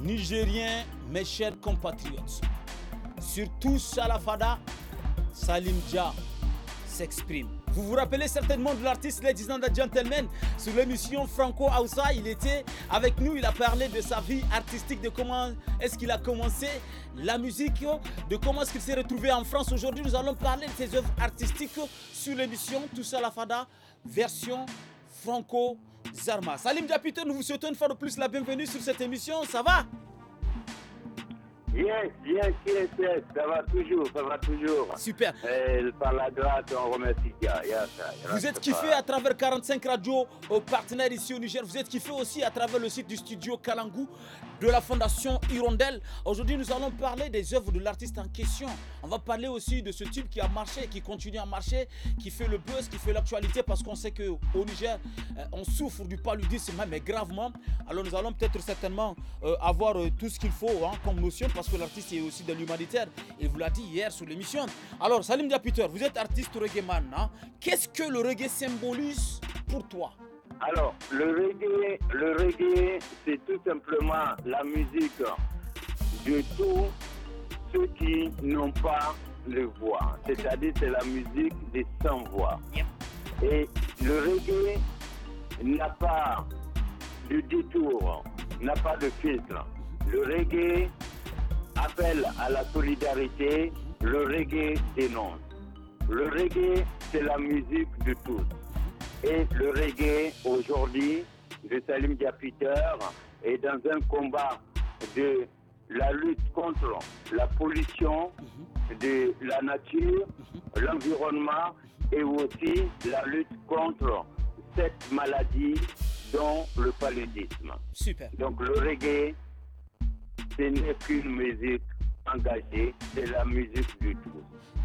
Nigériens, mes chers compatriotes, surtout Salafada, Salim Dja s'exprime. Vous vous rappelez certainement de l'artiste Ladies and Gentlemen sur l'émission Franco Aoussa. Il était avec nous, il a parlé de sa vie artistique, de comment est-ce qu'il a commencé la musique, de comment est-ce qu'il s'est retrouvé en France. Aujourd'hui, nous allons parler de ses œuvres artistiques sur l'émission Tout à Fada, version Franco Zarma. Salim Diapiter, nous vous souhaitons une fois de plus la bienvenue sur cette émission. Ça va Yes, yes, yes, yes, ça va toujours, ça va toujours. Super. Et par la droite, on remercie. vous êtes kiffé à travers 45 radios aux euh, partenaires ici au Niger. Vous êtes kiffé aussi à travers le site du studio Kalangu de la Fondation Hirondelle. Aujourd'hui, nous allons parler des œuvres de l'artiste en question. On va parler aussi de ce type qui a marché, qui continue à marcher, qui fait le buzz, qui fait l'actualité parce qu'on sait qu'au Niger, euh, on souffre du paludisme, hein, mais gravement. Alors, nous allons peut-être certainement euh, avoir euh, tout ce qu'il faut en hein, comme notion parce que l'artiste est aussi de l'humanitaire. Il vous l'a dit hier sur l'émission. Alors, Salim peter vous êtes artiste reggae man. Hein. Qu'est-ce que le reggae symbolise pour toi alors, le reggae, le reggae, c'est tout simplement la musique de tous ceux qui n'ont pas les voix. C'est-à-dire, c'est la musique des sans voix. Et le reggae n'a pas de détour, n'a pas de filtre. Le reggae appelle à la solidarité, le reggae dénonce. Le reggae, c'est la musique de tous. Et le reggae, aujourd'hui, de Salim Peter, est dans un combat de la lutte contre la pollution mhm. de la nature, mhm. l'environnement et aussi la lutte contre cette maladie dont le paludisme. Super. Donc le reggae, ce n'est qu'une musique engagée, c'est la musique du tout.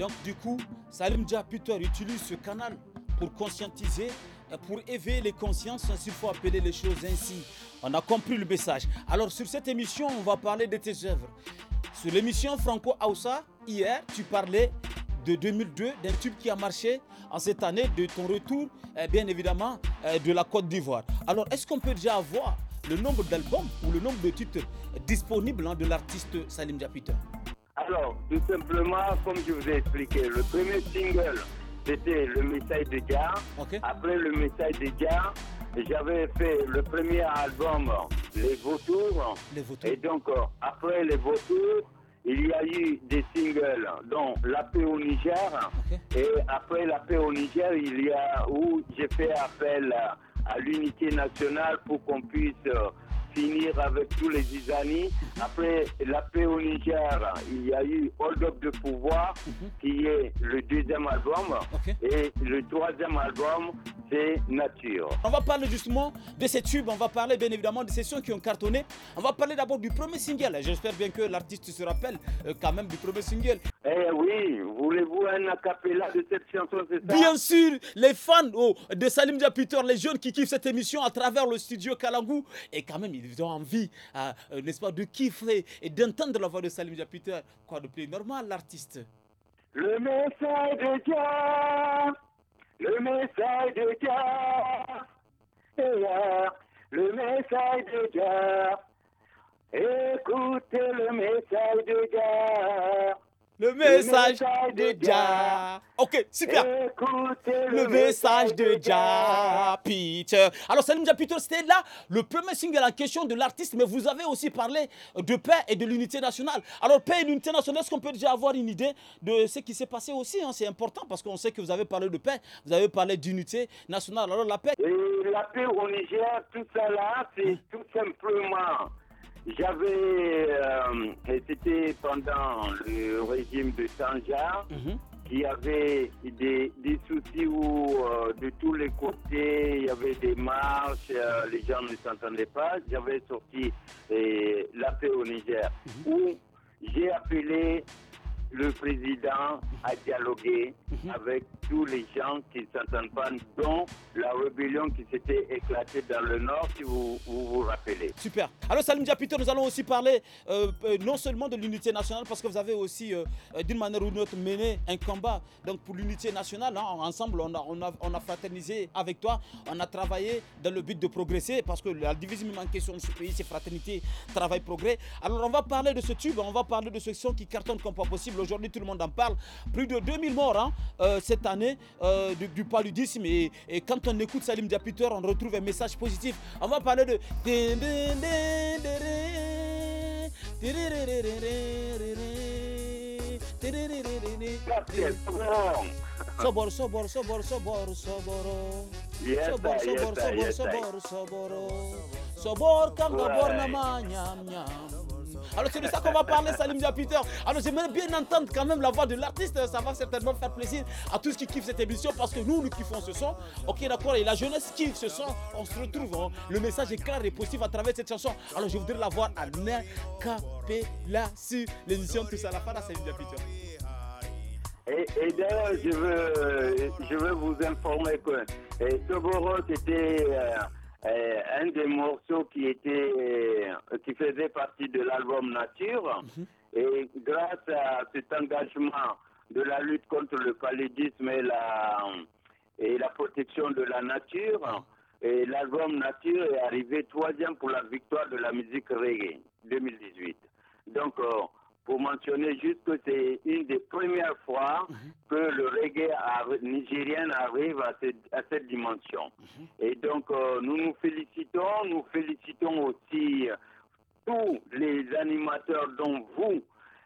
Donc du coup, Salim Diaputer utilise ce canal pour conscientiser, euh, pour éveiller les consciences, hein, s'il faut appeler les choses ainsi. On a compris le message. Alors sur cette émission, on va parler de tes œuvres. Sur l'émission Franco Aoussa, hier, tu parlais de 2002, d'un tube qui a marché en cette année, de ton retour, euh, bien évidemment, euh, de la Côte d'Ivoire. Alors, est-ce qu'on peut déjà avoir le nombre d'albums ou le nombre de titres disponibles hein, de l'artiste Salim Japita Alors, tout simplement, comme je vous ai expliqué, le premier single c'était le message de guerre Après le message de guerre j'avais fait le premier album, Les Vautours. Et donc, après Les Vautours, il y a eu des singles, dont La paix au Niger. Et après La paix au Niger, il y a où j'ai fait appel à l'unité nationale pour qu'on puisse euh, finir avec tous les Isani. Après la paix au Niger, il y a eu Hold Up de pouvoir, mhm. qui est le deuxième album. Et le troisième album, c'est On va parler justement de ces tubes, on va parler bien évidemment de ces qui ont cartonné. On va parler d'abord du premier single. J'espère bien que l'artiste se rappelle euh, quand même du premier single. Eh oui, voulez-vous un acapella de cette chanson, Bien sûr, les fans oh, de Salim Diapiteur, les jeunes qui kiffent cette émission à travers le studio Kalangou, et quand même ils ont envie, euh, euh, n'est-ce pas, de kiffer et d'entendre la voix de Salim Diapiteur. Quoi de plus normal, l'artiste Le message de Dieu le message de cœur, le message de Dieu. écoutez le message de guerre le message, de, Jah. Ok, super. le, message, de Jah, Peter. Alors, Salim Jah Peter, c'était là le premier de la question de l'artiste, mais vous avez aussi parlé de paix et de l'unité nationale. Alors, paix et l'unité nationale, est-ce qu'on peut déjà avoir une idée de ce qui s'est passé aussi hein? C'est important parce qu'on sait que vous avez parlé de paix, vous avez parlé d'unité nationale. Alors, la paix. Et la paix au Niger, tout ça là, c'est tout simplement j'avais. et euh, C'était pendant le régime de Sanjar, mhm. qui avait des, soucis où euh, de tous les côtés, il y avait des marches, euh, les gens ne s'entendaient pas. J'avais sorti la paix e au Niger, mhm. où j'ai appelé le président à dialoguer mhm. avec tous les gens qui s'entendent pas, dont la rébellion qui s'était éclatée dans le Nord, si vous vous, rappelez. Super. Alors, Salim Diapito, nous allons aussi parler euh, euh, non seulement de l'unité nationale, parce que vous avez aussi, euh, d'une manière ou d'une autre, mené un combat donc, pour l'unité nationale. Hein. ensemble, on a, on, a, fraternisé avec toi, on a travaillé dans le but de progresser, parce que la division en question de ce pays, c'est fraternité, travail, progrès. Alors, on va parler de ce tube, on va parler de ce son qui cartonne comme pas possible. Aujourd'hui, tout le monde en parle. Plus de 2000 morts hein, euh, du, paludisme. Et, quand on écoute Salim Diapiter, on retrouve un message positif. On va parler de. Alors c'est de ça qu'on va parler, Salim Diapiter. Alors j'aimerais bien entendre quand même la voix de l'artiste. Ça va certainement faire plaisir à tous qui kiffent cette émission parce que nous, nous kiffons ce son. Ok, d'accord. Et la jeunesse kiffe ce son. On se retrouve. Hein. Le message est clair et positif à travers cette chanson. Alors je voudrais la voir à Nakapela sur l'émission Tous ça' la Salim Diapiter. Et, d'ailleurs, je veux, je veux vous informer que eh, Toboro, c'était... Euh, euh, un des morceaux qui était euh, qui faisait partie de l'album Nature. Mhm. Et grâce à cet engagement de la lutte contre le paludisme et la, et la protection de la nature, mhm. et l'album Nature est arrivé troisième pour la victoire de la musique reggae 2018. Donc, euh, pour mentionner juste que c'est une des premières fois mhm. que le reggae nigérien arrive à cette, à cette dimension. Mhm. Et donc, euh, nous nous félicitons, nous félicitons aussi euh, tous les animateurs dont vous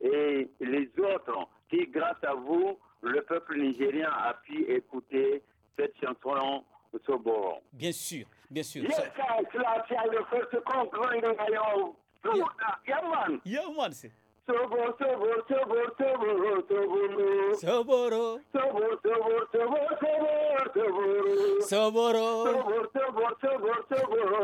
et les autres qui, grâce à vous, le peuple nigérien a pu écouter cette chanson Soboro. Bien sûr, bien sûr. Sabır sabır sabır sabır sabır Sabır sabır sabır sabır sabır Sabır Sabır sabır sabır sabır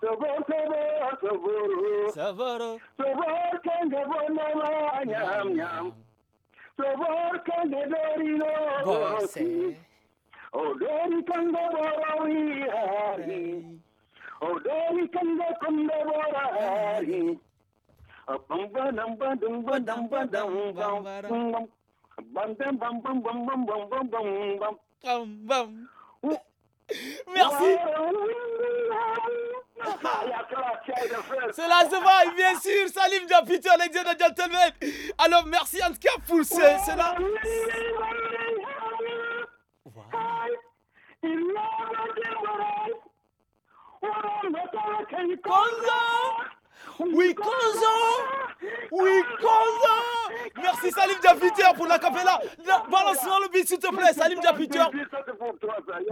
sabır Sabır Sabır sabır sabır Merci. Cela se va, bien sûr. Salim Peter, de Alors, merci en cas cela. Oui, Oui, Wikoza Merci Salim Diapiter pour la capella. Balance-moi le beat s'il te plaît, Salim Diapiteur.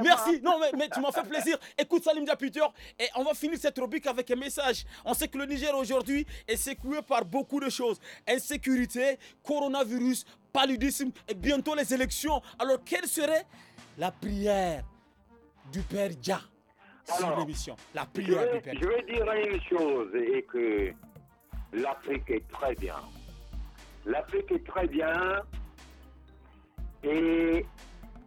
Merci. Non mais, tu m'as fait plaisir. Écoute Salim Diapiteur et on va finir cette rubrique avec un message. On sait que le Niger aujourd'hui est secoué par beaucoup de choses. Insécurité, coronavirus, paludisme et bientôt les élections. Alors quelle serait la prière du Père Jah la Je vais dire une chose et que l'Afrique est très bien. L'Afrique est très bien, et,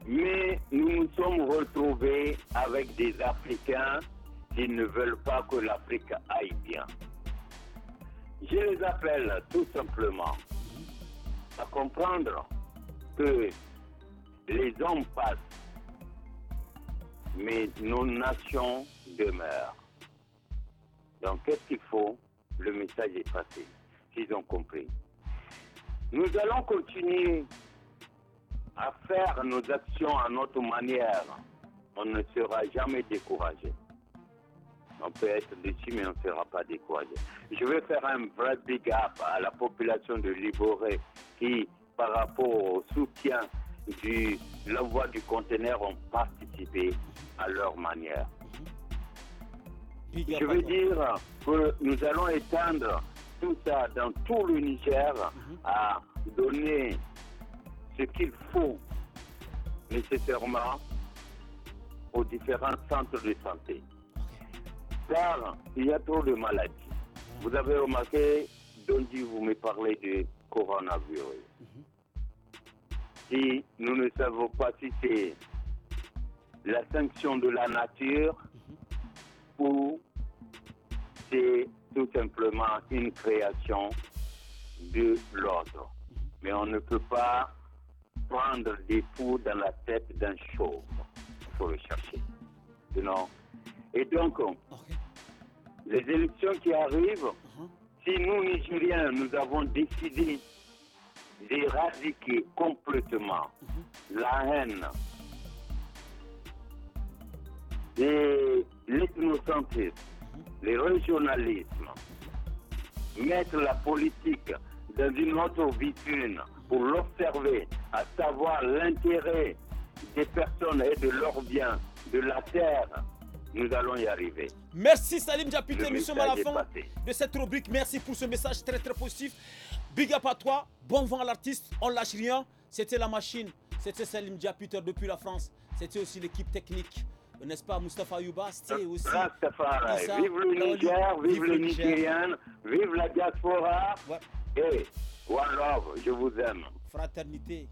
mais nous nous sommes retrouvés avec des Africains qui ne veulent pas que l'Afrique aille bien. Je les appelle tout simplement à comprendre que les hommes passent mais nos nations demeurent. Donc, qu'est-ce qu'il faut Le message est passé. Ils ont compris. Nous allons continuer à faire nos actions à notre manière. On ne sera jamais découragé. On peut être déçu, mais on ne sera pas découragé. Je vais faire un vrai big up à la population de Liboré qui, par rapport au soutien du l'envoi du conteneur ont participé à leur manière. Je veux dire que nous allons étendre tout ça dans tout le mhm. à donner ce qu'il faut nécessairement aux différents centres de santé. Car il y a trop de maladies. Mhm. Vous avez remarqué, Dondi, vous me parlez du coronavirus. Mhm si nous ne savons pas si c'est la sanction de la nature ou c'est tout simplement une création de l'ordre. Mais on ne peut pas prendre des fous dans la tête d'un chauve. Il faut le chercher. Non. Et donc, les élections qui arrivent, uh-huh. si nous, Nigériens, nous avons décidé d'éradiquer complètement la haine et l'ethnocentrisme, le régionalisme, mettre la politique dans une autre vitrine pour l'observer, à savoir l'intérêt des personnes et de leurs biens, de la terre, nous allons y arriver. Merci Salim Diapiter. nous sommes de cette rubrique. Merci pour ce message très très positif. Big up à toi, bon vent à l'artiste, on lâche rien. C'était la machine, c'était Salim Diapiter depuis la France, c'était aussi l'équipe technique. N'est-ce pas, Mustafa Yuba, c'était aussi. vive le Niger, vive, le Nigérian, vive la diaspora. Et one love, je vous aime. Fraternité,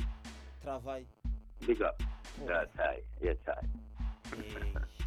travail. Big up. Yes, Yes,